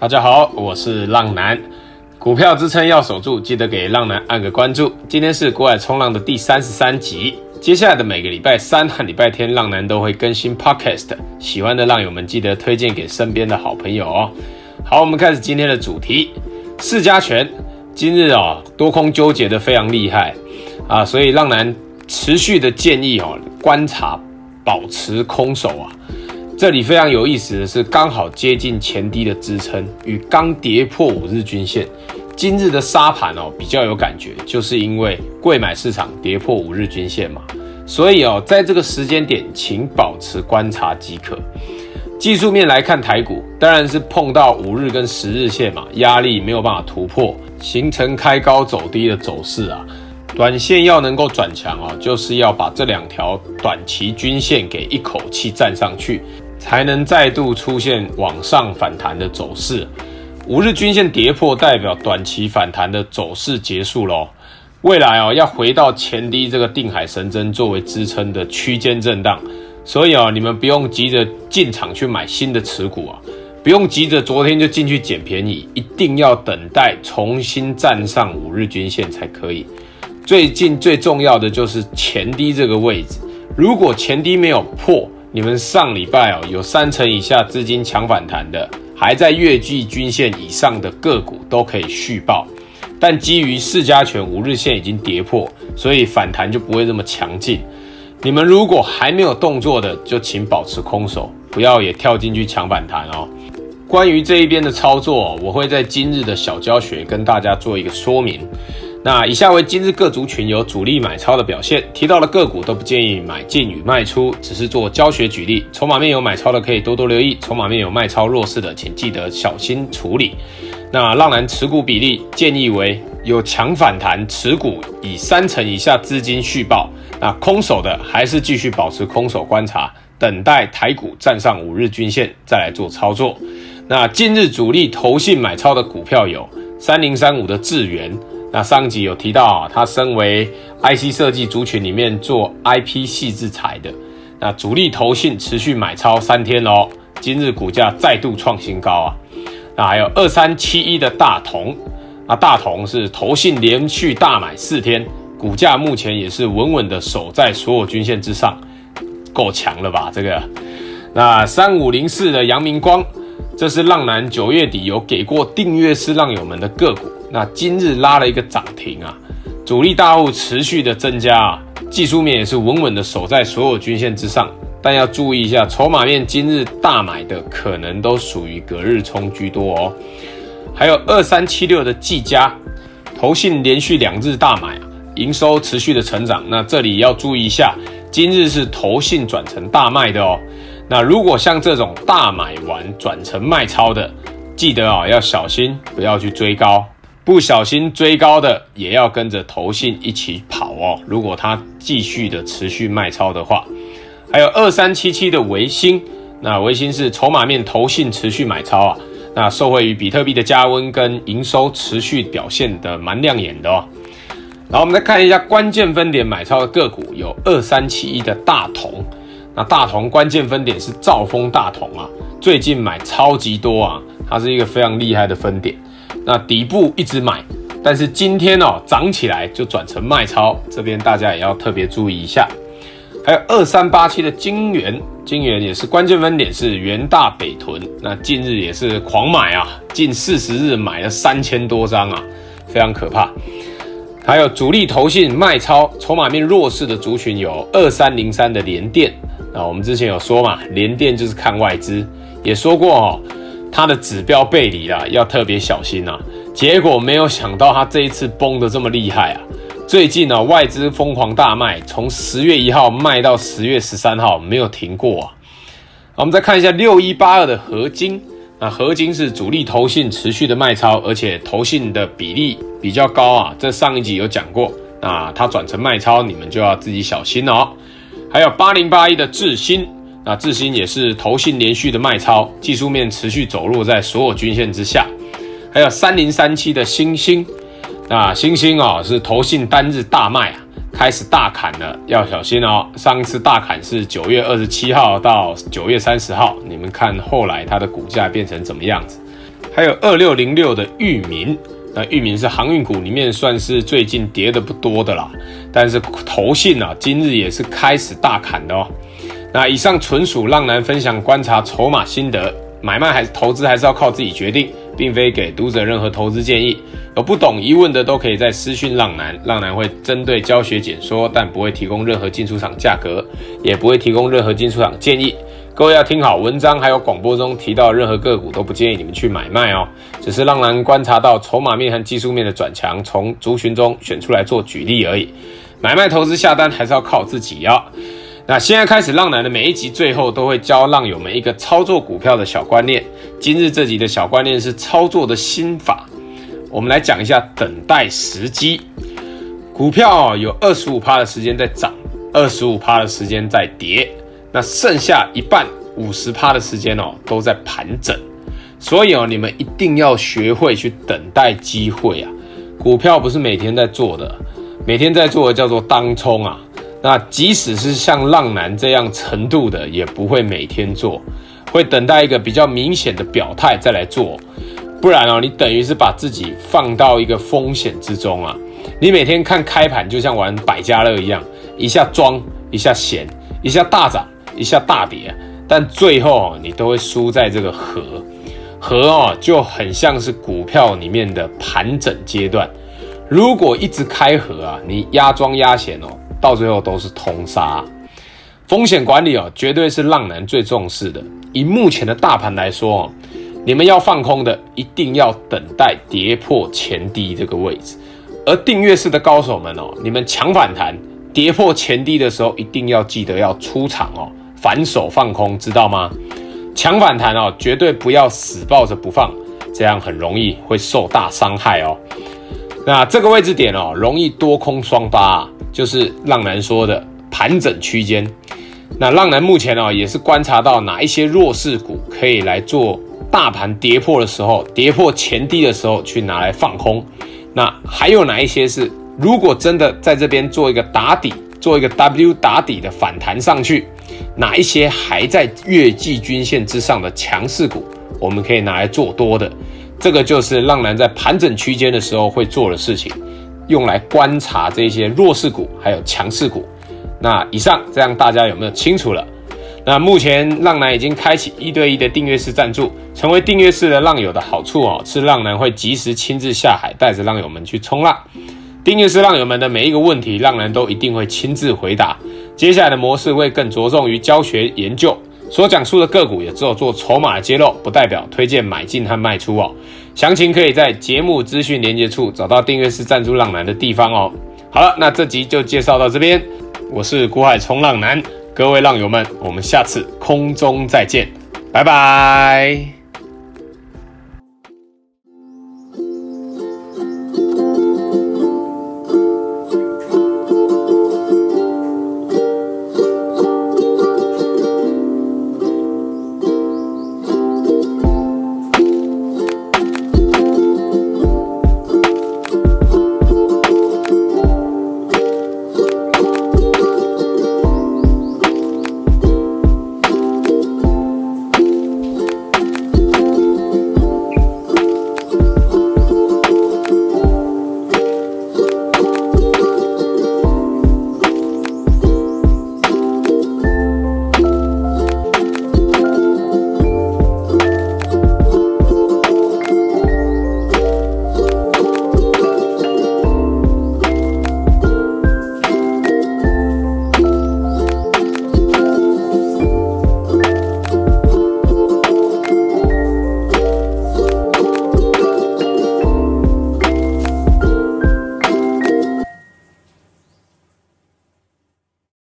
大家好，我是浪男，股票支撐要守住，記得給浪男按個關注。今天是股海衝浪的第三十三集，接下來的每個禮拜三和禮拜天，浪男都會更新 Podcast。喜歡的浪友們記得推薦給身邊的好朋友哦。好，我們開始今天的主題，市加權。今日啊、哦、多空糾結的非常厲害啊，所以浪男持續的建議哦觀察，保持空手啊。這裡非常有意思的是，剛好接近前低的支撐與剛跌破五日均線。今日的殺盤哦比較有感覺，就是因為櫃買市場跌破五日均線嘛，所以哦在這個時間點，請保持觀察即可。技術面來看台股，當然是碰到五日跟十日線嘛，壓力沒有辦法突破，形成開高走低的走勢啊。短線要能夠轉強哦，就是要把這兩條短期均線給一口氣站上去。才能再度出現往上反彈的走勢，五日均線跌破代表短期反彈的走勢結束嘍。未來啊要回到前低這個定海神針作為支撐的區間震盪，所以啊你們不用急着進場去買新的持股啊，不用急着昨天就進去撿便宜，一定要等待重新站上五日均線才可以。最近最重要的就是前低這個位置，如果前低沒有破。你們上禮拜哦，有三成以下資金搶反彈的，還在月季均線以上的個股都可以續抱，但基於市加權五日線已經跌破，所以反彈就不會這麼強勁。你們如果還沒有動作的，就請保持空手，不要也跳進去搶反彈哦。關於這一邊的操作，我會在今日的小教學跟大家做一個說明。那以下為今日各族群有主力買超的表現，提到的個股都不建議買進與賣出，只是做教學舉例。籌碼面有買超的可以多多留意，籌碼面有賣超弱勢的請記得小心處理。那浪男持股比例建議為有搶反彈持股以三成以下資金續抱，那空手的還是繼續保持空手觀察，等待台股站上五日均線再來做操作。那近日主力投信買超的股票有三零三五的智原。那上一集有提到啊，他身為 IC 設計族群裡面做 IP 矽智財的，那主力投信持續買超三天哦，今日股價再度創新高啊。那還有二三七一的大同，那大同是投信連續大買四天，股價目前也是穩穩的守在所有均線之上，夠強了吧？這個，那三五零四的揚明光。這是浪男九月底有給過訂閱式浪友們的個股，那今日拉了一個漲停啊，主力大戶持續的增加啊，技術面也是穩穩的守在所有均線之上，但要注意一下，籌碼面今日大買的可能都屬於隔日沖居多哦。還有二三七六的技嘉，投信連續兩日大買啊，營收持續的成長，那這裡要注意一下，今日是投信轉成大賣的哦。那如果像這種大買完轉成賣超的，記得啊，哦，要小心，不要去追高，不小心追高的也要跟着投信一起跑哦。如果它繼續的持續賣超的話，還有二三七七的微星，那微星是籌碼面投信持續買超啊，那受惠於比特幣的加溫跟營收持續表現的蠻亮眼的哦。然後我們再看一下關鍵分點買超的個股，有二三七一的大同。大同關鍵分點是兆豐大同啊，最近買超級多啊，它是一個非常厲害的分點，那底部一直買，但是今天哦漲起來就轉成賣超，這邊大家也要特別注意一下。還有二三八七的精元，精元也是關鍵分點是元大北屯，那近日也是狂買啊，近四十日買了三千多張啊，非常可怕。還有主力投信賣超，籌碼面弱勢的族群有二三零三的聯電。啊，我們之前有說嘛，聯電就是看外資，也說過哦，它的指標背離啦、啊，要特別小心啊。結果沒有想到它這一次崩得這麼厲害啊！最近呢、啊，外資瘋狂大賣，從十月一號賣到十月十三號，沒有停過啊，啊。我們再看一下六一八二的合晶，那合晶是主力投信持續的賣超，而且投信的比例比較高啊。這上一集有講過，那它轉成賣超，你們就要自己小心哦。還有八零八一的致新，那致新也是投信連續的賣超，技術面持續走弱在所有均線之下。還有三零三七的欣興，那欣興啊、哦、是投信單日大賣啊，開始大砍了，要小心哦。上一次大砍是九月二十七號到九月三十號，你們看後來它的股價變成怎麼樣子？還有二六零六的裕民，那裕民是航運股裡面算是最近跌的不多的啦。但是投信啊，今日也是開始大砍的哦。那以上純屬浪男分享觀察籌碼心得，買賣還是投資還是要靠自己決定，並非給讀者任何投資建議。有不懂疑問的都可以在私訊浪男，浪男會針對教學解說，但不會提供任何進出場價格，也不會提供任何進出場建議。各位要聽好，文章還有廣播中提到的，任何個股都不建議你們去買賣哦，只是浪男觀察到籌碼面和技術面的轉強，從族群中選出來做舉例而已。買賣投資下單還是要靠自己啊。那現在開始，浪男的每一集最後都會教浪友們一個操作股票的小觀念。今日這集的小觀念是操作的心法，我們來講一下等待時機。股票哦有，有二十五趴的時間在漲，二十五趴的時間在跌。那剩下一半五十趴的時間哦，都在盤整，所以哦，你們一定要學會去等待機會啊。股票不是每天在做的，每天在做的叫做當沖啊。那即使是像浪男這樣程度的，也不會每天做，會等待一個比較明顯的表態再來做。不然哦，你等於是把自己放到一個風險之中啊。你每天看開盤就像玩百家樂一樣，一下莊，一下閒，一下大漲。一下大跌，但最後你都會輸在這個和，和哦就很像是股票裡面的盤整階段。如果一直開和啊，你壓莊壓閒哦，到最後都是通殺。風險管理哦，絕對是浪男最重視的。以目前的大盤來說哦，你們要放空的，一定要等待跌破前低這個位置。而訂閱式的高手們哦，你們搶反彈跌破前低的時候，一定要記得要出場哦。反手放空，知道嗎？搶反彈哦，絕對不要死抱着不放，這樣很容易會受大傷害哦。那這個位置點哦，容易多空雙巴啊，就是浪男說的盤整區間。那浪男目前哦，也是觀察到哪一些弱勢股可以來做大盤跌破的時候，跌破前低的時候去拿來放空。那還有哪一些是，如果真的在這邊做一個打底，做一個 W 打底的反彈上去，哪一些還在月季均線之上的強勢股，我們可以拿來做多的，這個就是浪男在盤整區間的時候會做的事情，用來觀察這些弱勢股還有強勢股。那以上這樣大家有沒有清楚了？那目前浪男已經開啟一對一的訂閱式贊助，成為訂閱式的浪友的好處哦，是浪男會及時親自下海，帶着浪友們去衝浪。訂閱式浪友們的每一個問題，浪男都一定會親自回答。接下來的模式會更着重於教學研究，所講述的個股也只有做籌碼揭露，不代表推薦買進和賣出哦。詳情可以在節目資訊連結處找到訂閱式贊助浪男的地方哦。好了，那這集就介紹到這邊，我是股海衝浪男，各位浪友們，我們下次空中再見，拜拜。